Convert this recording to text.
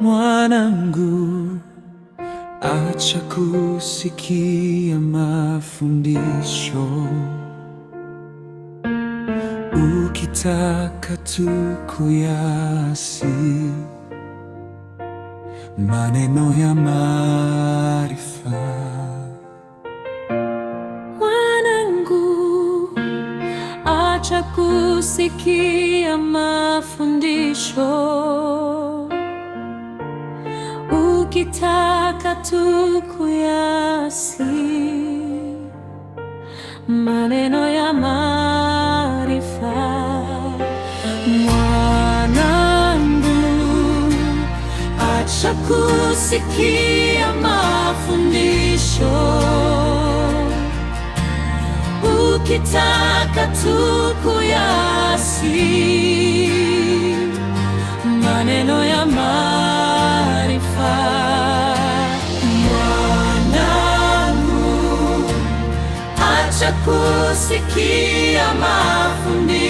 mwanangu, acha kusikia mafundisho. Ukitaka tu kuyasi maneno ya maarifa. Mwanangu, acha kusikia mafundisho ukitaka tu kuyasikia maneno ya maarifa. Mwanangu, acha kusikia mafundisho, ukitaka tu kuyasikia amar mafundi